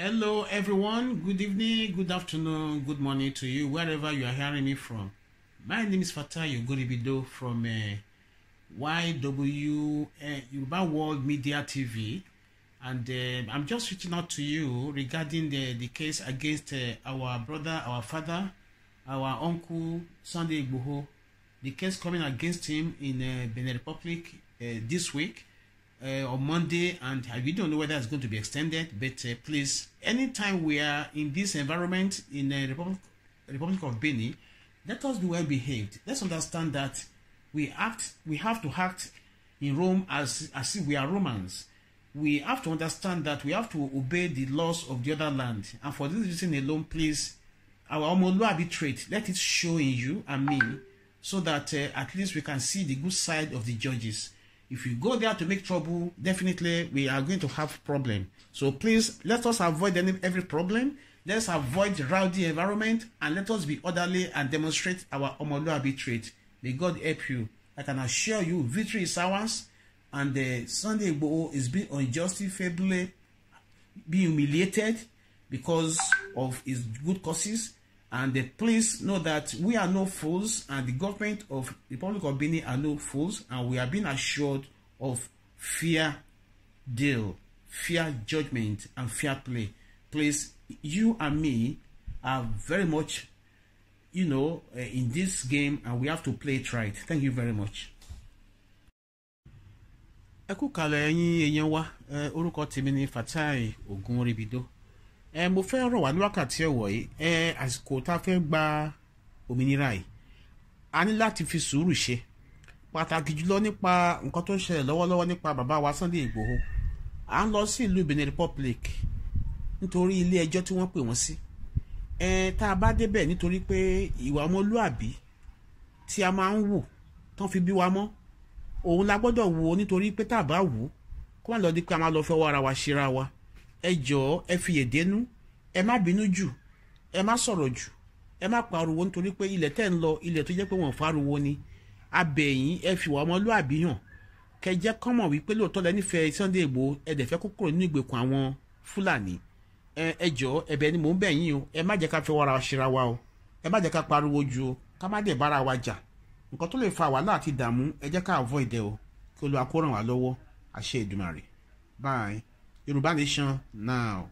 Hello, everyone. Good evening, good afternoon, good morning to you, wherever you are hearing me from. My name is Fatayo Goribido from uh, YW uh, Yoruba World Media TV, and uh, I'm just reaching out to you regarding the, the case against uh, our brother, our father, our uncle Sunday Igboho. The case coming against him in uh, Benin Republic uh, this week uh, on Monday, and we don't know whether it's going to be extended. But uh, please, anytime we are in this environment in the uh, Republic, Republic of Benin, let us be well behaved. Let's understand that we act, we have to act in Rome as as if we are Romans. We have to understand that we have to obey the laws of the other land, and for this reason alone, please, our Omoluabi trait, let it show in you and me, so that uh, at least we can see the good side of the judges if we go there to make trouble definitely we are going to have problem so please let us avoid any every problem let's avoid rowdy environment and let us be orderly and demonstrate our omoluabi trait may god help you i can assure you victory is ours and uh, sunday igboho is being unjustifiably being humiliated because of his good causes And uh, please know that we are no fools, and the government of the Republic of Benin are no fools, and we are being assured of fair deal, fair judgment, and fair play. Please, you and me are very much, you know, uh, in this game, and we have to play it right. Thank you very much. ẹ kú kalẹ̀ ẹ̀yin èèyàn wa eh, orúkọ tèmi ni Fatai Ogunribido ẹ mo fẹ́ rọ̀ wá ní wákàtí ẹ̀wọ̀ yìí ẹ àsìkò tá a fẹ́ gba òmìnira yìí a ní láti fi sùúrù ṣe pàtàkì jùlọ nípa nǹkan tó ń ṣẹlẹ̀ lọ́wọ́lọ́wọ́ nípa bàbá wa Sunday Ìgbòho à ń lọ sí ìlú Benin Republic nítorí ilé ẹjọ́ tí wọ́n pè wọ́n sí ẹ tá a bá débẹ̀ nítorí pé ìwà ọmọlúàbí tí a máa ń wù tán fi bí wa mọ́ òun la gbọ́dọ̀ wò ó nítorí pé tá a bá wù kó má lọ di pé a máa lọ fẹ́ wọ́ ara wa ṣera wa ẹ jọ̀ọ́ ẹ fi èdénú ẹ má bínú jù ẹ má sọ̀rọ̀ jù ẹ má pariwo nítorí pé ilẹ̀ tẹ́ ń lọ ilẹ̀ tó jẹ́ pé wọ́n fariwo ni abẹ̀yìn ẹ fi wà ọmọlúàbí hàn kẹjẹ kọ́mọ̀ wípé lóòótọ́ lẹ nífẹ̀ẹ́ Sunday Igboho ẹ dẹ̀ fẹ́ kó kúrò nínú ìgbèkùn àwọn Fúlàní ẹ jọ̀ọ́ ẹ̀bẹ̀ ni mò ń bẹ̀ yín o ẹ má jẹ́ ká fi wàrà ṣera wa o ẹ má jẹ́ ká pariwo jù o ká má dẹ̀ bára wa jà nǹkan tó lè fa wàhálà àti ìdààmú ẹ jẹ́ ká avoid ẹ o kí Olúwa ràn wá lọ́wọ́ àṣẹ Èdùmàrè bye. Yorùbá Nation now.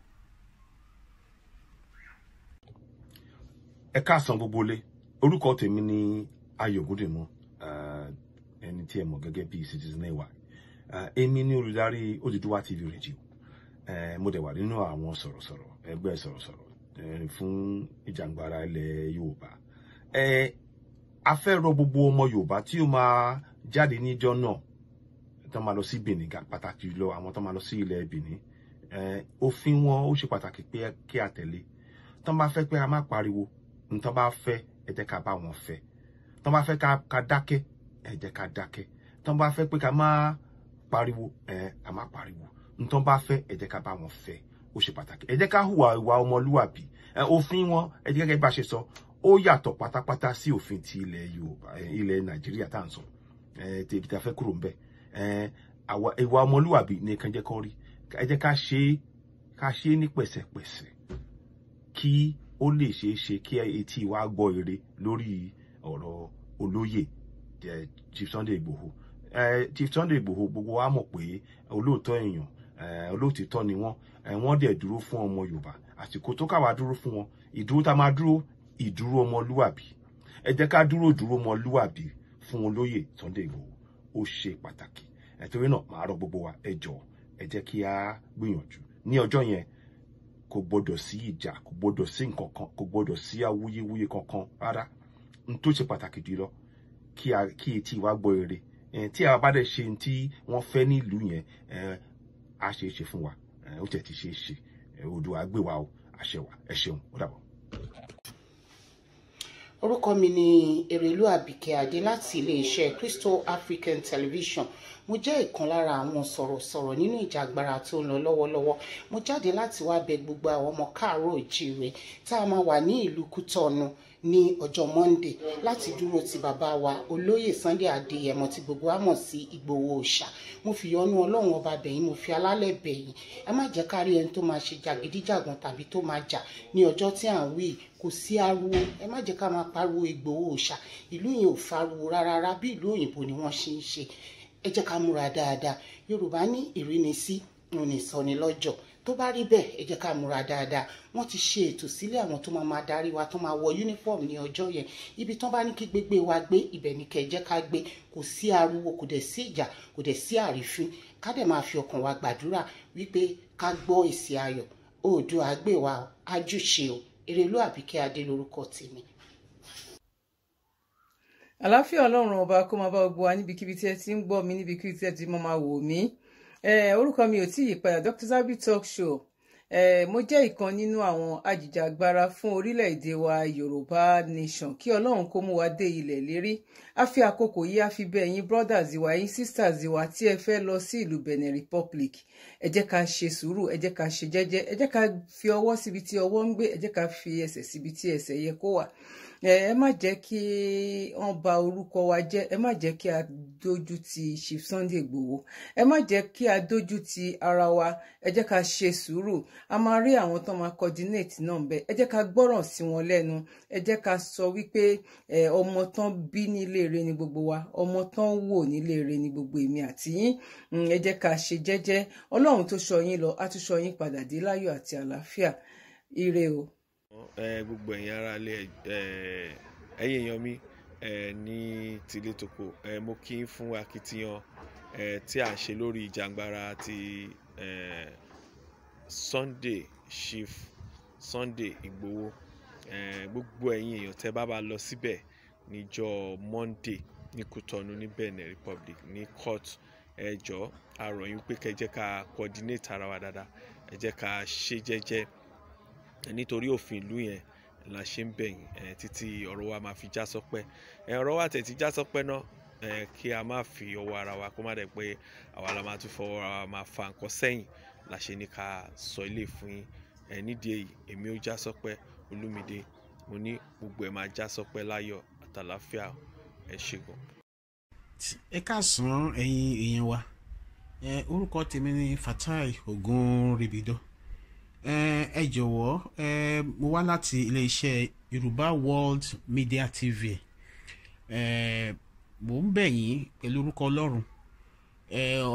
ẹ káàsán gbogbo lé orúkọ tèmi ni Ayọ̀ Ògúndìmú ẹni tí ẹ mọ̀ gẹ́gẹ́ bíi citizen ay èmi ni olùdarí Odùduwà TV radio mo dẹ̀ wà nínú àwọn sọ̀rọ̀sọ̀rọ̀ ẹgbẹ́ sọ̀rọ̀sọ̀rọ̀ fún ìjàngbara ilẹ̀ Yorùbá a fẹ́ rọ gbogbo ọmọ Yorùbá tí ó máa jáde níjọ́ náà tó máa lọ sí Benin pàtàkì lọ àwọn tó máa lọ sí ilẹ̀ Benin eh, òfin wọn ó ṣe pàtàkì pé kí a tẹ̀lé tó bá fẹ́ pé a má pariwo ní tó bá fẹ́ ẹ jẹ́ ká bá wọn fẹ́ tó bá fẹ́ ká dákẹ́ ẹ jẹ́ ká dákẹ́ tó bá fẹ́ pé ká má pariwo ẹ a má pariwo ní tó bá fẹ́ ẹ jẹ́ ká bá wọn fẹ́ ó ṣe pàtàkì ẹ jẹ́ ká hùwà ìwà ọmọlúwàbí eh, òfin wọn ẹ jẹ́ gẹ́gẹ́ bá ṣe sọ ó yàtọ̀ pátápátá sí òfin ti ilẹ̀ Yorùbá eh, ilẹ̀ Nàìjíríà tá à ń sọ tèbi tá a fẹ́ kúrò ń bẹ́ẹ̀ Eh, ìwà ọmọlúwàbí nìkan jẹ́ kán rí ẹ jẹ́ ká ṣe é ká ṣe é ní pẹ̀sẹ̀pẹ̀sẹ̀ kí ó lè ṣeé ṣe kí etí wa gbọ́ èrè lórí ọ̀rọ̀ olóyè eh, Chief Sunday Igboho eh, Chief Sunday Igboho gbogbo wa mọ̀ pé olóòótọ́ èèyàn olóòtítọ́ ni wọ́n wọ́n dẹ̀ dúró fún ọmọ Yorùbá àsìkò tó káwa dúró fún wọn ìdúró tá a máa dúró ìdúró ọmọlúwàbí ẹ jẹ́ ká dúró dúró ọmọlúwàbí fún olóyè Sunday Igboho ó ṣe pàtàkì ẹ̀tọ́rí náà màá rọ gbogbo wa ẹ jọ̀ọ́ ẹ jẹ́ kí a gbìyànjú ní ọjọ́ yẹn kò gbọdọ̀ sí ìjà kò gbọdọ̀ sí nǹkan kan kò gbọdọ̀ sí awuyewuye kankan rárá n tó ṣe pàtàkì jùlọ kí a kí etí wa gbọ́ èrè tí a bá dẹ̀ ṣe tí wọ́n fẹ́ nílùú yẹn a ṣe é ṣe fún wa ó tẹ̀ ti ṣe é ṣe Oòduà gbè wá o àṣẹ wa ẹ ṣeun ó dàbọ̀ orúkọ mi ni èrèlú àbíkẹ́ adé láti iléeṣẹ́ Crystal African Television mo jẹ́ ìkan lára àwọn sọ̀rọ̀sọ̀rọ̀ nínú ìjàgbara tó ń lọ lọ́wọ́lọ́wọ́ mo jáde láti wá bẹ̀ gbogbo àwọn ọmọ káàárọ̀ òjíire tá a máa wà ní ìlú kútọ́ọ̀nù ní ọjọ́ Monday láti dúró ti bàbá wa olóyè Sunday Adéyẹmọ tí gbogbo wa mọ̀ sí Ìgbòho Òòṣà mo fi yọ́nú Ọlọ́run ọba bẹ̀yìn mo fi alálẹ̀ bẹ̀yìn ẹ má jẹ́ ká ẹni tó máa ṣe jàgídíjàgan tàbí tó máa jà ní ọjọ́ tí à ń wí kò sí ariwo ẹ má jẹ́ ká máa pariwo Ìgbòho òòṣà ìlú yìí ò fariwo rárá bí ìlú òyìnbó ni wọ́n ṣe ń ṣe ẹ jẹ́ ká múra dáadáa Yorùbá ní ìrínisí òní sọni tó bá rí bẹ́ẹ̀ ẹ jẹ́ ká múra dáadáa wọ́n ti ṣe ètò sílẹ̀ àwọn tó máa máa darí wa tó máa wọ uniform ní ọjọ́ yẹn ibi tán bá ní kí gbégbé wa gbé ibẹ̀ ní kẹ́ jẹ́ ká gbé kò sí ariwo kò dẹ̀ sí ìjà kò dẹ̀ sí àrífín ká dẹ̀ máa fi ọkàn wa gbàdúrà wípé ká gbọ́ èsì ayọ̀ oòdùà àgbèwà ajúṣe o Erelú Àbíkẹ́ Adé lórúkọ tèmi. àlàáfíà ọlọ́run ọba kó máa bá gbogbo wa níbikíbi tí ẹ ti ń gbọ́ mi níbikíbi tí ẹ ti máa wò mí orúkọ mi ò tí ì yípadà Dr. Zabby Talk Show mo jẹ́ ìkan nínú àwọn ajìjàgbara fún orílẹ̀-èdè wa yorùbá nation kí ọlọ́run kó mú wa dé ilẹ̀ lérí a fi àkókò yìí a fi bẹ̀ ẹ̀yin brothers wa ẹ̀yin sisters wa tí ẹ fẹ́ lọ sí ìlú benin republic ẹ jẹ́ ká ṣe sùúrù ẹ jẹ́ ká ṣe jẹ́jẹ́ ẹ jẹ́ ká fi ọwọ́ síbi tí ọwọ́ ń gbé ẹ jẹ́ ká fi ẹsẹ̀ síbi tí ẹsẹ̀ yẹ kó wà ẹ má jẹ́ kí wọ́n bà orúkọ wa jẹ́ ẹ má jẹ́ kí a dójú ti Chief Sunday Igboho ẹ má jẹ́ kí a dójú ti ara wa ẹ jẹ́ ká ṣe sùúrù a máa rí àwọn tó máa coordinate náà bẹ́ẹ̀ ẹ jẹ́ ká gbọ́ràn sí wọn lẹ́nu ẹ jẹ́ ká sọ wípé ọmọ tán bí nílé rẹ ni gbogbo wa ọmọ tán wò nílé rẹ ni gbogbo èmi àti yín ẹ jẹ́ ká ṣe jẹ́jẹ́ ọlọ́run tó sọ yín lọ á tún sọ yín padà dé láyọ̀ àti àlàáfíà ire o gbogbo ẹ̀yin ará ilé ẹ̀yin èèyàn mi ní tilé tòkó mo kí n fún akitiyan tí a ṣe lórí ìjàngbara ti Sunday Chief Sunday Igboho gbogbo ẹ̀yin èèyàn tẹ́ bá bá lọ síbẹ̀ níjọ́ Monday ní Kútọ́nù ní Benin Republic ní court ẹ jọ̀ọ́ a rọ̀ yín pé kẹ́ jẹ́ ká coordinate ara wa dáadáa ẹ ká ṣe jẹ́jẹ́ nítorí òfin ìlú yẹn la ṣe ń bẹ̀yìn títí ọ̀rọ̀ wa máa fi já sọpẹ́ ọ̀rọ̀ wa tẹ̀ ti já sọpẹ́ náà kí a má fi ọwọ́ ara wa kó má dẹ̀ pé àwa la máa tún fọwọ́ ara wa máa fa nǹkan sẹ́yìn la ṣe ní ká sọ ilé fún yín nídìí èyí èmi ó já sọpẹ́ olúmídé mo ní gbogbo ẹ̀ máa já sọpẹ́ láyọ̀ àtàláfíà ẹ ṣègùn. ẹ káàsán ẹ̀yin èèyàn wa orúkọ tèmi ni Fatai Ogunribido. ẹ jọ̀wọ́ mo wá láti iléeṣẹ́ Yorùbá World Media TV mò ń bẹ̀ yín pẹ̀lú orúkọ Ọlọ́run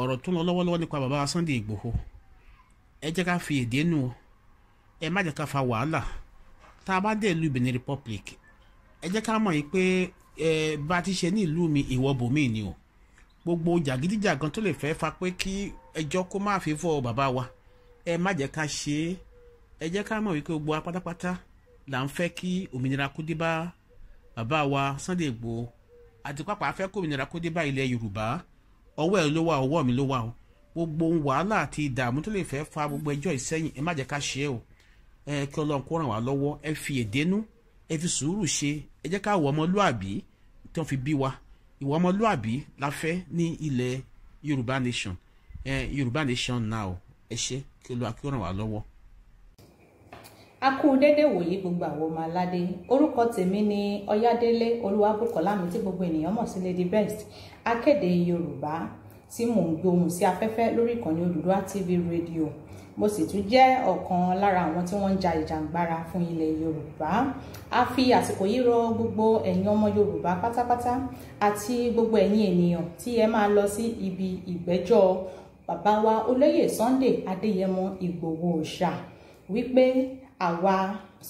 ọ̀rọ̀ tó ń lọ lọ́wọ́lọ́wọ́ nípa bàbá Sunday Ìgbòho ẹ jẹ́ ká fi èdè nù ẹ má jẹ́ ká fa wàhálà tá a bá dé ìlú Benin Republic ẹ jẹ́ ká mọ̀ yìí pé bá a ti ṣe ní ìlú mi ìwọ bòmí ni o gbogbo jàgídíjàgan tó lè fẹ́ fa pé kí ẹjọ́ kó má fi fọ́ baba wa. ẹ má jẹ́ ká ṣe é ẹ jẹ́ ká mọ̀ wípé gbogbo apátápátá là ń fẹ́ kí òmìnira kó dé bá bàbá wa Sunday Igboho àti pápá afẹ́ kó òmìnira kó dé bá ilẹ̀ Yorùbá ọwọ́ ẹ̀ ló wà ọwọ́ mi ló wà o gbogbo wàhálà àti ìdààmú tó lè fẹ́ fa gbogbo ẹjọ́ ìsẹ́yìn ẹ má jẹ́ ká ṣe é o ẹ kí Ọlọ́run kó ràn wá lọ́wọ́ ẹ fi èdénú ẹ fi sùúrù ṣe ẹ jẹ́ ká wọ ọmọlúàbí tí wọ́n fi bí wa ìwọ ọmọlúàbí la fẹ́ ní ilẹ̀ Yorùbá nation eh, Yorùbá nation now ẹ ṣé kí olúwa kí ó ràn wá lọ́wọ́. a kú dédé wòyí gbogbo àwọn ọmọ aládé orúkọ tèmi ni ọyádélé olúwabùkọ́lá mi tí gbogbo ènìyàn mọ̀ sí lady best akéde yorùbá tí mò ń gbóhùn sí afẹ́fẹ́ lórí ìkànnì Odùduwà TV rédíò mo sì tún jẹ́ ọ̀kan lára àwọn tí wọ́n ń ja ìjàngbara fún ilẹ̀ Yorùbá a fi àsìkò yìí rọ gbogbo ẹ̀yin ọmọ Yorùbá pátápátá àti gbogbo ẹ̀yin ènìyàn tí ẹ máa lọ sí ibi ìgbẹ́jọ́ bàbá wa olóyè Sunday Adéyẹmọ Ìgbòho Òòṣà wípé àwa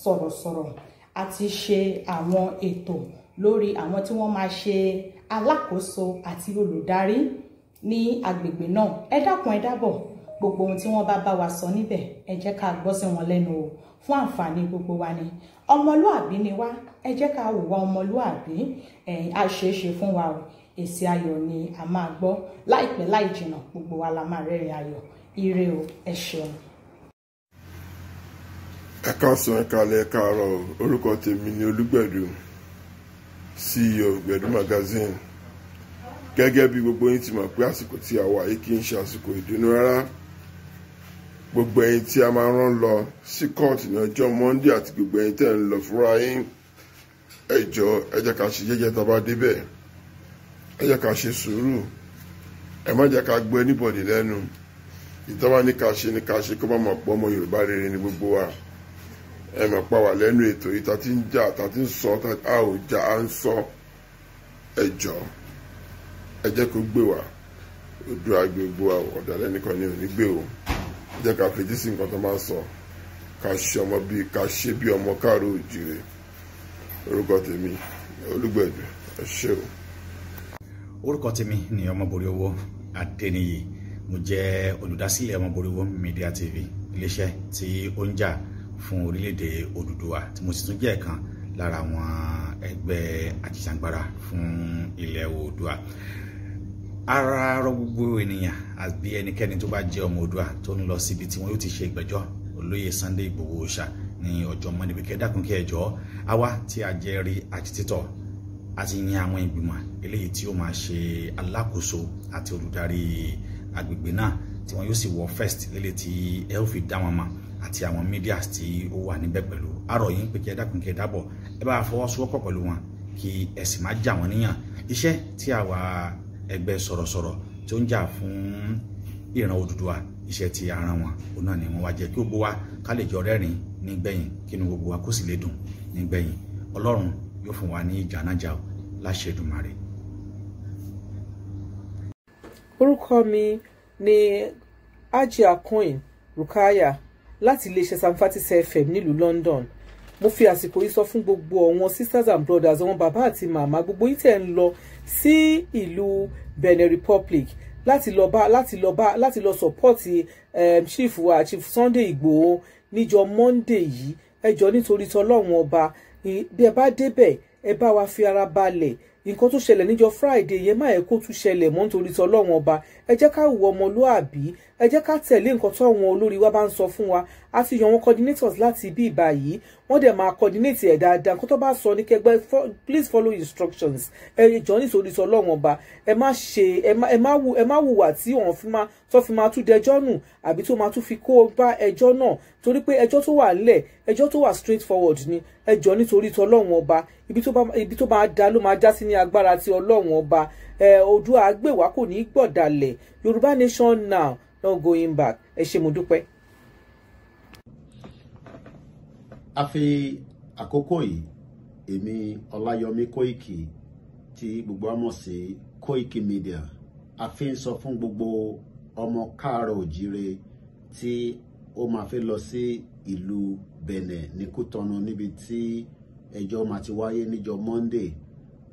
sọ̀rọ̀sọ̀rọ̀ a ti ṣe àwọn ètò lórí àwọn tí wọ́n máa ṣe alákòóso àti olùdarí ní agbègbè náà ẹ dákun ẹ dábọ̀ gbogbo ohun tí wọ́n bá bá wa sọ níbẹ̀ ẹ jẹ́ ká gbọ́ sí wọn lẹ́nu o fún àǹfààní gbogbo wa ni ọmọlúàbí ni wá ẹ jẹ́ ká hùwà ọmọlúàbí ẹ̀ á ṣeé fún wa o èsì ayọ̀ ni a máa gbọ́ láìpẹ́ láì jìnnà gbogbo wa la máa rẹ́rìn ayọ̀ ire o ẹ ṣeun. ẹ káàsán ẹ kálẹ́ ẹ káàárọ̀ orúkọ tèmi ni olúgbẹ̀dù CEO gbẹ̀dù magazine gẹ́gẹ́ bí gbogbo yín ti mọ̀ pé àsìkò tí a wà yìí kì í ṣe àsìkò ìdùnnú rárá gbogbo ẹ̀yin tí a máa rán lọ sí kóòtù ní ọjọ́ Monday àti gbogbo ẹ̀yin tẹ́ ń lọ fúnra yín ẹ jọ̀ọ́ ká ṣe jẹ́jẹ́ tá a bá débẹ̀. ẹ jẹ́ ká ṣe sùúrù ẹ má jẹ́ ká anybody lẹ́nu ìtọ́wá ní ká ṣe ní ká ṣe kó má mọ̀ pọ́ ọmọ Yorùbá rere ni gbogbo wa ẹ mọ̀ pa ti ń jà ti ń sọ a ò jà á ń sọ ẹ jọ ẹ jẹ́ kó gbé wa agbègbè wa ni ò ní gbé o ẹ orúkọ tèmi ni ọmọbòrí owó adẹniyì mo jẹ́ olùdásílẹ̀ ọmọbòrí media tv iléeṣẹ́ tí ó ń jà fún orílẹ̀-èdè Odùduwà tí mo sì tún jẹ́ ẹ̀kan lára àwọn ẹgbẹ́ àjìjàngbara fún ilẹ̀ Oòduà ara rọ gbogbo ènìyàn àbí ẹnikẹ́ni tó bá jẹ́ ọmọ Oòduà tó ń lọ síbi tí wọn yóò ti ṣe ìgbẹ́jọ́ olóyè Sunday Ìgbòho ṣá ní ọjọ́ mọ́nìbí kẹ́dàkùn kẹjọ́ àwa tí a jẹ́ rí àjẹtítọ̀ àti yan àwọn ìgbìmọ̀ eléyìí tí ó máa ṣe alákòóso àti olùdarí agbègbè náà tí wọn yóò sì wọ first lélẹ̀ tí ẹ ó fi dá wọn mọ̀ àti àwọn media tí ó wà níbẹ̀ pẹ̀lú àrò yìí ń pè kí ẹ dákun kí ẹ dábọ̀ ẹ bá fọwọ́sowọ́pọ̀ pẹ̀lú wọn kí ẹ sì má jà wọ́n níyàn iṣẹ́ tí àwa ẹgbẹ́ sọ̀rọ̀sọ̀rọ̀ tó ń jà fún ìran Odùduwà iṣẹ́ ti ara wọn òun náà ni wọ́n wá jẹ́ kí gbogbo wa ká lè jọ rẹ́rìn-ín nígbẹ̀yìn kí inú gbogbo wa kó sì lè dùn nígbẹ̀yìn Ọlọ́run yóò fún wa ní ìjànájà o láṣẹ Èdùmàrè. orúkọ mi ni Hajia Coin Rukaya láti iléeṣẹ́ Samfatis FM nílùú London mo fi àsìkò yìí sọ fún gbogbo àwọn sisters and brothers àwọn bàbá àti màmá gbogbo yìí tẹ̀ ń lọ sí ìlú Benin Republic láti lọ bá láti lọ bá láti lọ sọpọ́ọ̀tì um, ehm, chief wa chief Sunday Igboho níjọ́ Monday yìí ẹjọ́ nítorí tọlọ́run ọba bí ẹ bá débẹ̀ ẹ bá wa fi ara balẹ̀ nǹkan tó ṣẹlẹ̀ níjọ́ Friday yẹn má ẹ̀ kó tún ṣẹlẹ̀ mọ́ nítorí tí ọlọ́run ọba ẹ jẹ́ ká wù ọmọlúàbí ẹ jẹ́ ká tẹ̀lé nǹkan tó àwọn olórí wa bá ń sọ fún wa a ti yan wọn coordinators láti ibi ìbá yìí wọ́n dẹ̀ máa coordinate ẹ̀ dáadáa nǹkan tó bá sọ ní kẹgbẹ́ please follow instructions ẹ jọ nítorí tí ọlọ́run ọba ẹ má ṣe ẹ má wùwà tí wọ́n fi máa tó fi máa tún dẹjọ́ nù àbí tó máa tún fi kó bá ẹjọ́ náà torí pé ẹjọ́ tó wà lẹ̀ ẹjọ́ tó wà straight forward ni ẹjọ́ nítorí ti ọlọ́run ọba ibi tó máa da ló máa já sí ní agbára ti ọlọ́run ọba Oòduà àgbèwá kò ní í gbọ̀dàlẹ̀ Yorùbá nation now not going back ẹ ṣé mo dúpẹ́. a fi àkókò yìí èmi Ọláyọmí Kóìkì tí gbogbo wa sí Kóìkì media a fi ń sọ fún gbogbo ọmọ káàárọ̀ òjíire tí ó máa fẹ́ lọ sí ìlú Benin ní Kútọ́nù níbi tí ẹjọ́ máa ti wáyé níjọ́ Monday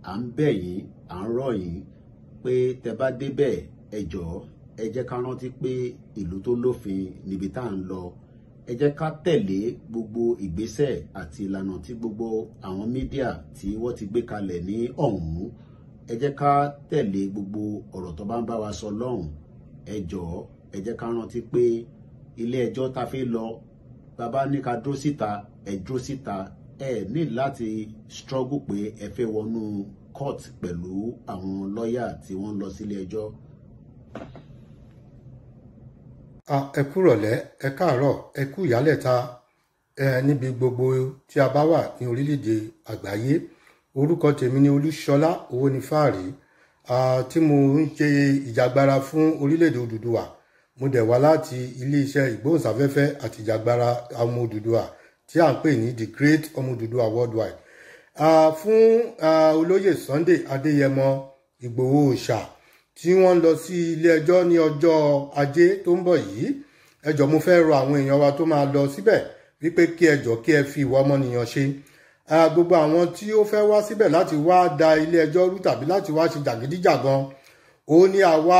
à ń bẹ̀ yín à ń rọ̀ yín pé tẹ bá débẹ̀ ẹ jọ̀ọ́ ẹ jẹ́ ká rántí pé ìlú tó lófin níbi tá à ń lọ ẹ jẹ́ ká tẹ̀lé gbogbo ìgbésẹ̀ àti ìlànà tí gbogbo àwọn mídíà tí wọ́n ti gbé kalẹ̀ ní ọ̀hún ẹ jẹ́ ká tẹ̀lé gbogbo ọ̀rọ̀ tó bá ń bá wa sọ lọ́hùn ẹ jọ̀ọ́ ẹ jẹ́ ká rántí pé ilé ẹjọ́ ta fi lọ bàbá ní ká dúró síta ẹ dúró síta ẹ ní láti struggle pé ẹ fẹ́ wọnú court pẹ̀lú àwọn lọ́ọ̀yà tí wọ́n lọ sílé ẹjọ́. ẹ kúrọ̀lẹ́ ẹ káàárọ̀ ẹ kú ìyálẹ̀ta ẹ níbi gbogbo tí a bá wà ní orílẹ̀-èdè àgbáyé orúkọ tèmi ni olúṣọlá owónífàárì tí mo ń ṣe ìjàgbara fún orílẹ̀-èdè òdùdúwà mo dẹ̀ wá láti iléeṣẹ́ ìgbóhùnsáfẹ́fẹ́ àti ìjàgbara ọmọ Odùduwà tí à ń pè ní the great ọmọ Odùduwà worldwide uh, fún uh, olóyè Sunday Adéyẹmọ Ìgbòho Òòṣà tí wọ́n lọ sí ilé ẹjọ́ ní ọjọ́ ajé tó ń bọ̀ yìí ẹjọ́ mo fẹ́ rọ àwọn èèyàn wa tó máa lọ síbẹ̀ wípé kí ẹjọ́ kí ẹ fi ìwà ọmọnìyàn ṣe gbogbo àwọn tí ó fẹ́ wá síbẹ̀ láti wá da ilé ẹjọ́ rú tàbí láti wá ṣe jàgídíjàgan òun ni àwa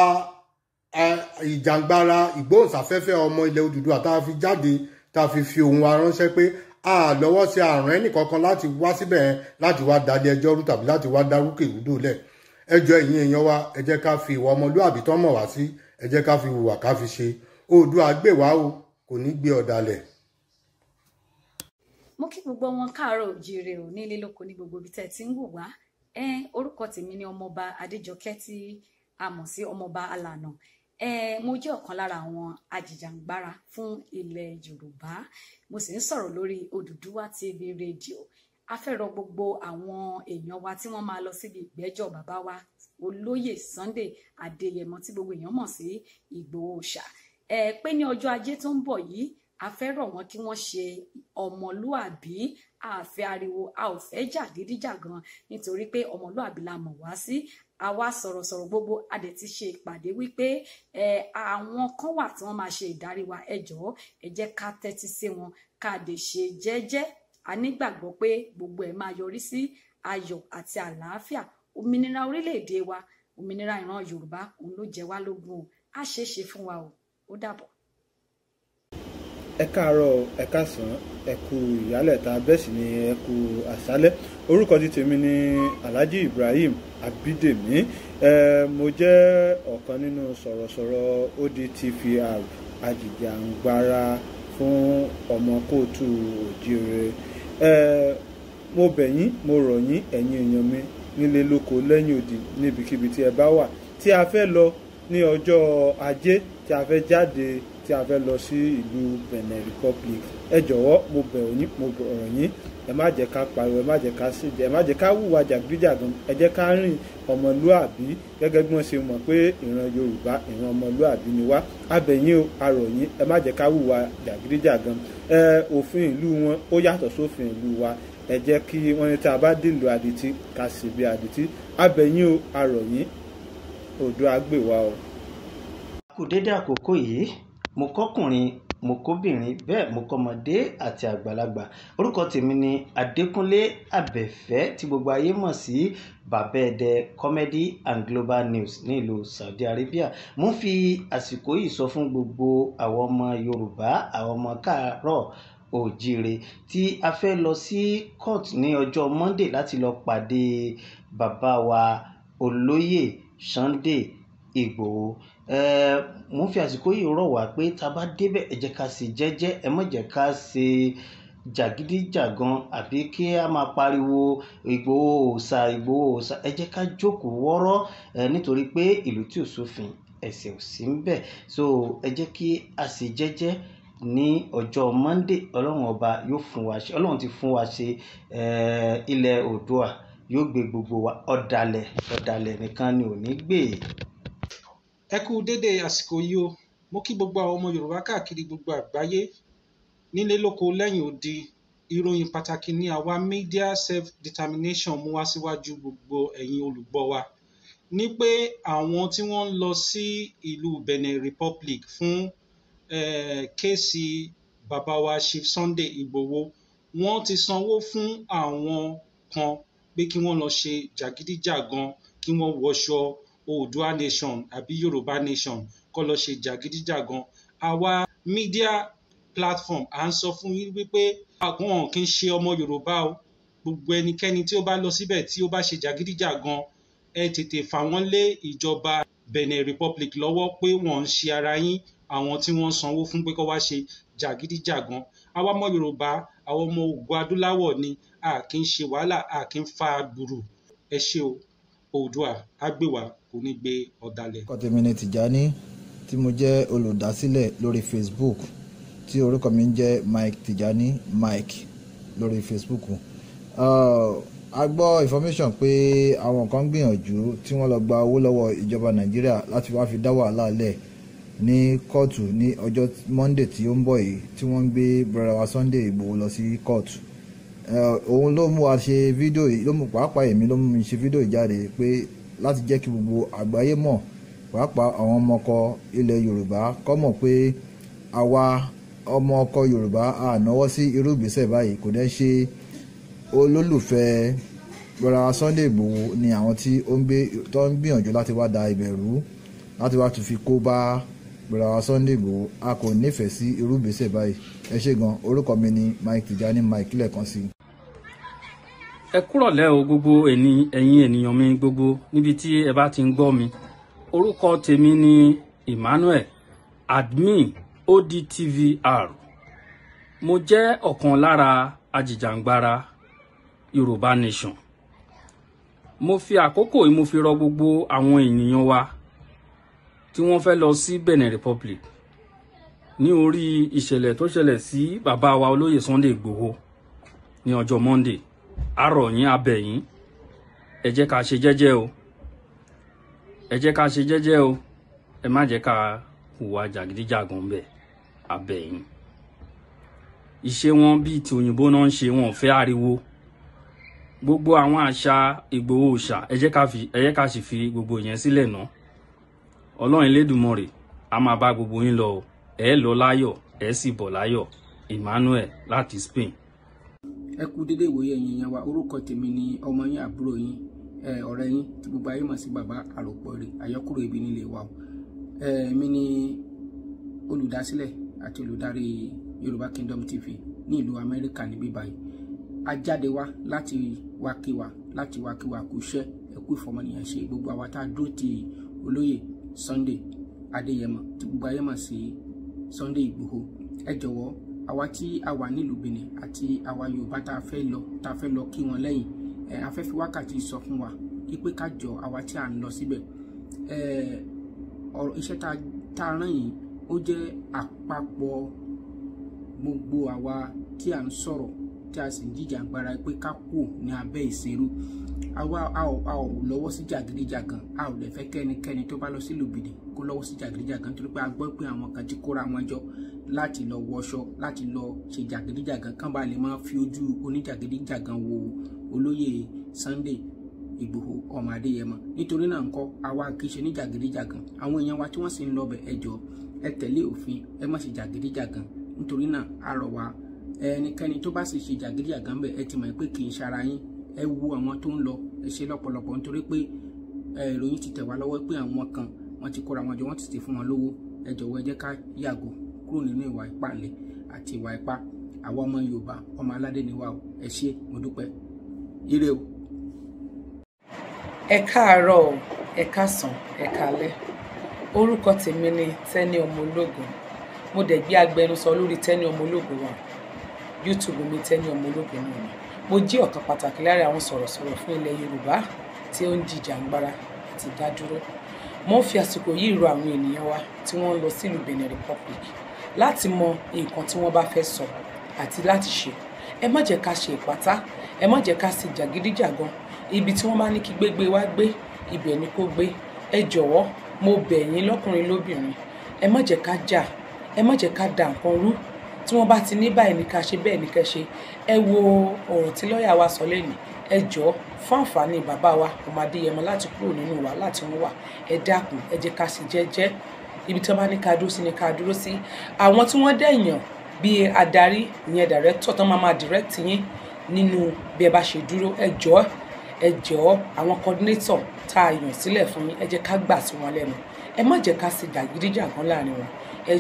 ìjàngbara ìgbóhùnsáfẹ́fẹ́ ọmọ ilẹ̀ Odùduwà tá a fi jáde tá a fi fi ohùn wa ránṣẹ́ pé a lọ́wọ́ sí àrùn ẹnìkankan láti wá síbẹ̀ yẹn láti wá dalé ẹjọ́ rú tàbí láti wá dárúkè rúdò lẹ̀ ẹjọ́ ẹ̀yin èèyàn wa ẹ jẹ́ ká fi ìwà ọmọlúàbí tán mọ̀ wá sí ẹ jẹ́ ká fi hùwà ká fi ṣe Oòduà gbè wá o kò ní gbé ọ̀dàlẹ̀. mo kí gbogbo wọn káàárọ̀ òjíire ò nílé lóko ní gbogbo ibi tẹ́ ti ń wò wá orúkọ tèmi ni ọmọọba Adéjọkẹ́ tí a mọ̀ sí ọmọọba Alànà Eh, mo jẹ́ ọ̀kan lára àwọn ajìjàǹgbara fún ilẹ̀ Yorùbá mo sì ń sọ̀rọ̀ lórí Odùduwà TV rédíò a fẹ́ rọ gbogbo àwọn èèyàn wa tí wọ́n máa lọ síbi ìgbẹ́jọ́ bàbá wa olóyè Sunday Adéyẹmọ tí gbogbo èèyàn mọ̀ sí Ìgbòho ṣá ẹ pé ní ọjọ́ ajé tó ń bọ̀ yìí a fẹ́ kí wọ́n ṣe ọmọlúàbí a fẹ́ ariwo a ò fẹ́ jà dídíjàgan nítorí pé ọmọlúàbí la mọ̀ wá sí àwa sọ̀rọ̀sọ̀rọ̀ gbogbo a dẹ̀ ti ṣe ìpàdé wípé ẹ àwọn kan wà tí wọ́n máa ṣe ìdarí wa ẹ jọ̀ọ́ ẹ jẹ́ ká tẹ́tí sí wọn ká dẹ̀ ṣe jẹ́jẹ́ a nígbàgbọ́ pé gbogbo ẹ̀ máa yọrí sí ayọ̀ àti àlàáfíà òmìnira orílẹ̀ wa òmìnira ìran Yorùbá òun ló jẹ wá lógún o á ṣeé fún wa o ó dàbọ̀ ẹ káàárọ̀ ẹ káàsán ẹ kú ìyálẹ̀ta bẹ́ẹ̀ sì ni ẹ kú àṣálẹ́ orúkọ ti tèmi ni Alhaji Ibrahim Abídèmí ẹ mo jẹ́ ọ̀kan nínú sọ̀rọ̀sọ̀rọ̀ ODTVR ajìjàǹgbara fún ọmọ kóòtù òjire ẹ mo bẹ̀ yín mo rọ̀ yín ẹ̀yin èèyàn mi nílé lóko lẹ́yìn odi níbikíbi tí ẹ bá wà tí a fẹ́ lọ ní ọjọ́ ajé tí a fẹ́ jáde tí a fẹ́ lọ sí ìlú Benin Republic ẹ jọ̀wọ́ mo bẹ̀ ọ́ yín mo bẹ̀ ọ̀rọ̀ yín ẹ má jẹ́ ká pariwo ẹ má jẹ́ ká ṣèjẹ́ ẹ má jẹ́ ká hùwà jàgídíjàgan ẹ jẹ́ ká rìn ọmọlúàbí gẹ́gẹ́ bí wọ́n ṣe mọ̀ pé ìran Yorùbá ìran ọmọlúàbí ni wá abẹ̀yìn o arọ̀yìn ẹ má jẹ́ ká hùwà jàgídíjàgan ẹ òfin ìlú wọn ó yàtọ̀ sófin ìlú wa ẹ jẹ́ kí wọ́n ní tá a bá dìlù àdìtí ká sì bí àdìtí abẹ̀yìn o arọ̀yìn odò àgbèwà o. kò dédé àkókò yìí mo kọ́kùnrin mo kóbìnrin bẹ́ẹ̀ mo kọ́mọdé àti àgbàlagbà orúkọ tèmi ni Adékúnlé Abẹ́fẹ́ tí gbogbo ayé mọ̀ sí Bàbẹ́ẹ̀dẹ comedy and global news ní Saudi Arabia mo ń fi àsìkò yìí sọ fún gbogbo àwọn ọmọ Yorùbá àwọn ọmọ káàárọ̀ òjìire tí a fẹ́ lọ sí court ní ọjọ́ Monday láti lọ pàdé bàbá wa olóyè Sunday Ìgbòho mo fi àsìkò yìí rọ̀ wá pé ta a bá débẹ̀ ẹ jẹ́ ká ṣe jẹ́jẹ́ ẹ má jẹ́ ká ṣe jàgídíjàgan àbí kí a máa pariwo Ìgbòho òòṣà Ìgbòho òòṣà ẹ jẹ́ ká jókòó wọ́rọ́ nítorí pé ìlú tí ò sófin ẹ̀sìn ò sí ń bẹ so ẹ kí a ṣe jẹ́jẹ́ ní ọjọ́ Monday ọlọ́run ọba yóò fún wa ṣe ọlọ́run ti fún wa ṣe ilẹ̀ Oòduà yóò gbé gbogbo wa ọ̀dàlẹ̀ ọ̀dàlẹ̀ nìkan ni ò ní gbé. ẹ kú dédé àsìkò yìí o mo kí gbogbo àwọn ọmọ yorùbá káàkiri gbogbo àgbáyé nílé lóko lẹ́yìn odi ìròyìn pàtàkì ní àwa media self determination mú wá síwájú gbogbo ẹ̀yin olùgbọ́ wa ní pé àwọn tí wọ́n ń lọ sí ìlú benin republic fún eh, kéèsì bàbá wa chief sunday igbowó wọ́n ti sanwó fún àwọn kan pé kí wọ́n lọ ṣe jàgídíjàgan kí wọ́n wọṣọ Oòduà nation àbí Yorùbá nation kọ́ lọ ṣe jàgídíjàgan àwa media platform à ń sọ fún yín wípé wọn kì í ṣe ọmọ Yorùbá o gbogbo ẹnikẹ́ni tí ó bá lọ síbẹ̀ tí ó bá ṣe jàgídíjàgan ẹ tètè fà wọ́n lé ìjọba Benin Republic lọ́wọ́ pé wọ́n ń ṣe ara yín àwọn tí wọ́n sanwó fún pé kó wá ṣe jàgídíjàgan àwa ọmọ Yorùbá àwọn ọmọ ògùn adúláwọ̀ ni a kì í ṣe wàhálà a kì í fa gbùrù ẹ ṣé o oòdùà á gbé wa kò ní gbé ọ̀dàlẹ̀. kọ́tẹ́mi Tìjání tí mo jẹ́ olùdásílẹ̀ lórí Facebook tí orúkọ mi ń jẹ́ Mike Tìjání Mike lórí Facebook. Uh, a gbọ́ information pé àwọn kan gbìyànjú tí wọ́n lọ gba owó lọ́wọ́ ìjọba Nàìjíríà láti wá fi dá wàhálà lẹ̀ ní kóòtù ní ọjọ́ Monday tí ó ń bọ̀ yìí tí wọ́n ń gbé brother Sunday Ìgbòho lọ sí kóòtù òun ló mú wa ṣe fídíò yìí ló mú pàápàá èmi ló mú mi ṣe fídíò jáde pé láti jẹ́ kí gbogbo àgbáyé mọ̀ pàápàá àwọn ọmọ ọkọ ilẹ̀ Yorùbá kọ́ mọ̀ pé àwa ọmọ ọkọ Yorùbá a náwó sí irú ìgbésẹ̀ báyìí kò dẹ́ ṣe olólùfẹ́ rọra Sunday Igboho ni àwọn tí ó ń gbé tó ń gbìyànjú láti wá da ìbẹ̀rù láti wá tún fi kó bá rọra Sunday Igboho a kò nífẹ̀ẹ́ sí irú ìgbésẹ̀ báyìí ẹ ṣé gan orúkọ mi ni Mike Tijani Mike lẹ́ẹ̀kan sí i ẹ kúrọ̀lẹ́ o gbogbo ẹ̀yin ènìyàn mi gbogbo níbi tí ẹ bá ti ń gbọ́ mi orúkọ tèmi ni Emmanuel admin ODTVR mo jẹ́ ọ̀kan lára ajìjàǹgbara Yorùbá Nation mo fi àkókò yìí mo fi rọ gbogbo àwọn ènìyàn wa tí wọ́n fẹ́ lọ sí Benin Republic ní orí ìṣẹ̀lẹ̀ tó ṣẹlẹ̀ sí bàbá wa olóyè Sunday Igboho ní ọjọ́ Monday àárọ̀ yín abẹ̀ yín ẹ jẹ́ ká ṣe jẹ́jẹ́ o ẹ jẹ́ ká ṣe jẹ́jẹ́ o ẹ má jẹ́ ká hùwà jàgídíjàgan bẹ̀ abẹ̀ yín ìṣe wọn bíi ti òyìnbó náà ń ṣe wọn ò fẹ́ ariwo gbogbo àwọn àṣà Ìgbòho òòṣà ẹ jẹ́ ká sì fi gbogbo yẹn sílẹ̀ náà ọlọ́run Elédùmarè a máa bá gbogbo yín lọ ẹ lọ láyọ̀ ẹ sì bọ̀ láyọ̀ Emmanuel láti Spain ẹ kú dédé ìwòye ẹ̀yin èèyàn wa orúkọ tèmi ni ọmọ yín àbúrò yín ọ̀rẹ́ yín tí gbogbo ayé mọ̀ sí bàbá àròpọ̀ rẹ̀ àyọkúrò ibi nílé wa o mi ni olùdásílẹ̀ àti olùdarí Yorùbá Kingdom TV ní ìlú Amẹ́ríkà níbí báyìí a jáde wá láti wá wa láti wá kí wa kú iṣẹ́ ẹ kú ìfọmọnìyàn ṣe gbogbo àwa tá a dúró ti olóyè Sunday Adéyẹmọ tí gbogbo ayé mọ̀ sí Sunday Ìgbòho ẹ jọ̀wọ́ àwa tí a wà nílùú Benin àti àwa Yorùbá tá a fẹ́ lọ tá a fẹ́ lọ kí wọn lẹ́yìn ẹ a fẹ́ fi wákàtí sọ fún wa ipe ká jọ àwa tí a ń lọ síbẹ̀ ẹ ọ̀rọ̀ iṣẹ́ tá a rán yìí ó jẹ́ àpapọ̀ gbogbo àwa tí a ń sọ̀rọ̀ tí a sì ń jìjàgbara pé ká kù ní abẹ́ ìṣerú àwa a ò lọ́wọ́ sí jàgídíjàgan a ò lè fẹ́ kẹ́nikẹ́ni tó bá lọ sílùú Benin kó lọ́wọ́ sí jàgídíjàgan torí pé a gbọ́ pé àwọn kan ti kóra wọn jọ láti lọ wọṣọ láti lọ ṣe jàgídíjàgan kán bá lè máa fi ojú oníjàgídíjàgan wo olóyè Sunday Ìgbòho ọmọ Adéyẹmọ nítorí náà ńkọ́ àwa kì í ṣe ní jàgídíjàgan àwọn èèyàn wa tí wọ́n sì ń lọbẹ ẹjọ́ ẹ tẹ̀lé òfin ẹ má ṣe jàgídíjàgan nítorí náà a rọ̀ wá ẹnikẹ́ni tó bá sì ṣe jàgídíjàgan bẹ ẹ ti mọ̀ pé kì í ṣara yín ẹ wo àwọn tó ń lọ ẹ ṣe lọ́pọ̀lọpọ̀ nítorí pé ìròyìn ti tẹ̀ wá lọ́wọ́ pé àwọn kan wọ́n ti kóra wọn jọ wọ́n ti sì fún wọn lówó ẹ jọ̀wọ́ ẹ ká yàgò kúrò nínú ìwà ìpàlẹ̀ àti ìwà ipá àwa ọmọ Yorùbá ọmọ aládé ni wá o ẹ ṣé mo dúpẹ́ ire o. ẹ káàárọ̀ ẹ káàsán ẹ káalẹ́ orúkọ tèmi ni Tẹ́ni ọmọ mo dẹ̀ gbé agbẹnusọ lórí Tẹ́ni ọmọ wa YouTube mi Tẹ́ni ọmọ ológun náà ni mo jẹ́ ọ̀kan pàtàkì lára àwọn sọ̀rọ̀sọ̀rọ̀ fún ilẹ̀ Yorùbá tí ó ń jìjàǹgbara àti dádúró mo ń fi àsìkò yìí rọ àwọn ènìyàn wa tí wọ́n ń lọ sílùú Benin Republic láti mọ nǹkan tí wọ́n bá fẹ́ sọ àti láti ṣe ẹ má jẹ́ ká ṣe ìpátá ẹ má jẹ́ ká ṣe jàgídíjàgan ibi tí wọ́n bá ní kí gbégbé wá gbé ibẹ̀ ni kó gbé ẹ jọ̀wọ́ mo bẹ̀ yín lọ́kùnrin lóbìnrin ẹ má jẹ́ ká jà ẹ má jẹ́ ká da nǹkan rú tí wọ́n bá ti ní báyìí ní ká ṣe bẹ́ẹ̀ ní ká ṣe ẹ wo ọ̀rọ̀ tí lọ́ọ̀yà wa sọ lẹ́nu ẹ jọ̀ọ́ fún àǹfààní bàbá wa ọmọ adéyẹmọ láti kúrò nínú wa láti wọn wà ẹ dákun ẹ jẹ́ ká sì jẹ́jẹ́ ibi tí wọ́n bá ní ká dúró sí ni ká dúró sí àwọn tí wọ́n dẹ̀yàn bíi adarí ìyẹn director tán máa máa direct yín nínú bí ẹ bá ṣe dúró ẹ jọ̀ọ́ àwọn coordinator tá a yàn sílẹ̀ fún yín ẹ jẹ́ ká gbà sí wọn lẹ́nu ẹ má jẹ́ ká sì jàgídíjàgan láàrin wọn ẹ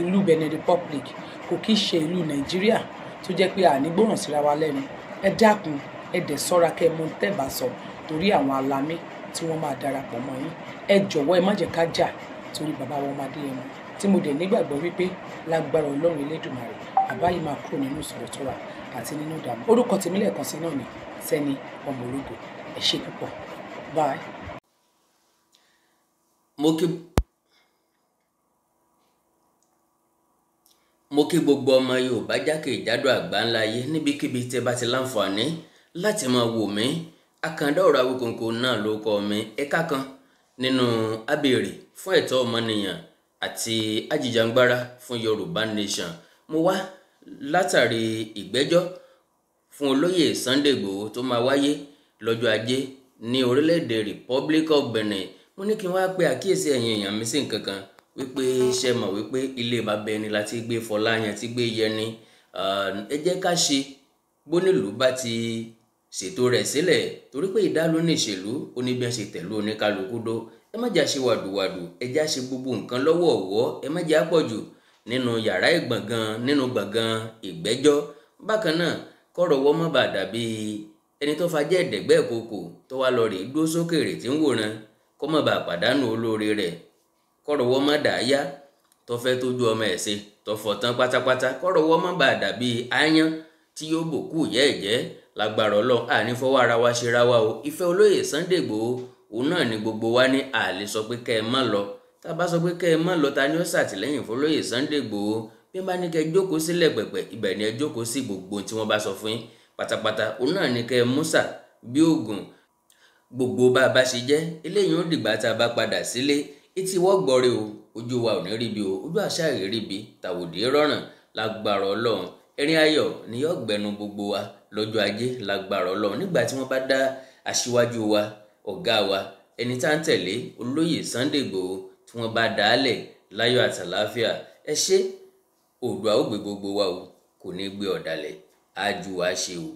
ìlú Benin Republic kò kí í ṣe ìlú Nàìjíríà tó jẹ́ pé ànígbòràn síra wa lẹ́nu ẹ dákun ẹ dẹ̀ sọ́ra kẹ́ ẹ mú tẹ́bà sọ torí àwọn alamí tí wọ́n máa darapọ̀ mọ́ yín ẹ jọ̀wọ́ ẹ má jẹ́ ká jà torí bàbá wa ọmọ Adéyẹmọ tí mo dẹ̀ nígbàgbọ́ wípé lágbára ọlọ́run elédùnmarè bàbá yìí máa kúrò nínú ìṣòro tó wà àti nínú ìdààmú orúkọ tèmi lẹ́ẹ̀kan sí náà ni Sẹ́ni ọmọ ológo ẹ ṣe púpọ̀ bye. mo kí mo kí gbogbo ọmọ Yorùbá jákèjádò àgbáńlá ayé níbikíbi tẹ́ bá ti láǹfààní láti máa wò mí àkàndá ọ̀rọ̀ Awíkòǹkò náà ló kọ́ mi ẹ̀ka kan nínú abèrè fún ẹ̀tọ́ ọmọnìyàn àti ajìjàngbara fún yorùbá nation mo wá látàrí ìgbẹ́jọ́ fún olóyè Sunday Igboho tó máa wáyé lọ́jọ́ ajé ní orílẹ̀-èdè Republic of Benin mo ní kí n wá pe àkíyèsí ẹ̀yin èèyàn mi sí nǹkan kan wípé ṣe mọ̀ wípé ilé bàbá ẹni la gbé fọláyàn ti gbé yẹni ẹ jẹ́ ká ṣe gbónílùú bá ti ṣètò rẹ̀ sílẹ̀ torí pé ìdáló níṣèlú oníbẹ̀ ṣe tẹ̀lú oníkálukú dó ẹ má jà ṣe wàdùwàdù ẹ já ṣe gbogbo nǹkan lọ́wọ́ ọ̀wọ́ ẹ má jà pọ̀jù nínú yàrá ìgbọ̀ngàn nínú gbọ̀ngàn ìgbẹ́jọ́ bákan náà kọ́rọ̀ wọ́ má bàa dàbí ẹni tó fajẹ́ ẹ̀dẹ́gbẹ́ kòkò tó wá lọ rèé dó sókè rè tí ń wòran kó má bàa pàdánù olóore rẹ̀ kọ́rọ̀ wọ́ má dàá yá tó fẹ́ tójú ọmọ ẹ̀ ṣe tó fọ̀ tán pátápátá kọ́rọ̀ wọ́ má bàa dàbí áyán tí yóò bòkú ìyá ẹ̀ jẹ́ lágbára Ọlọ́run àní fọwọ́ ara wa ṣe ra wa o ìfẹ́ olóyè Sunday Igboho òun náà ni gbogbo wa ní àlè sọ pé kẹ́ ẹ má lọ tá a bá sọ pé kẹ́ ẹ má lọ ta ni ó ṣàtìlẹ́yìn fọlóyè Sunday Igboho bí wọ́n bá ní kẹ́ ẹ jókòó sílẹ̀ pẹ̀pẹ̀ ibẹ̀ ni ẹ jókòó sí gbogbo tí wọ́n bá sọ fún yín pátápátá òun náà ni kẹ́ ẹ músà bí oògùn gbogbo bá a bá ṣe jẹ́ eléyìí ó dìgbà tá a bá padà sílé etí wọ́n gbọ́re o ojú wa ò ní ríbi o ojú àṣà ìrírí bi tàwòdì rọ̀ràn lágbára Ọlọ́run ẹ̀rín ayọ̀ ni yóò gbẹnu gbogbo wa lọ́jọ́ ajé lágbára ọlọ́run nígbà tí wọ́n bá dá aṣíwájú wa ọ̀gá wa ẹni tá ń tẹ̀lé olóyè Sunday Igboho tí wọ́n bá dá a lẹ̀ láyọ̀ àtàláfíà ẹ ṣe Oòduà ó gbogbo wa o kò ní gbé ọ̀dàlẹ̀ ájú wa ṣe o.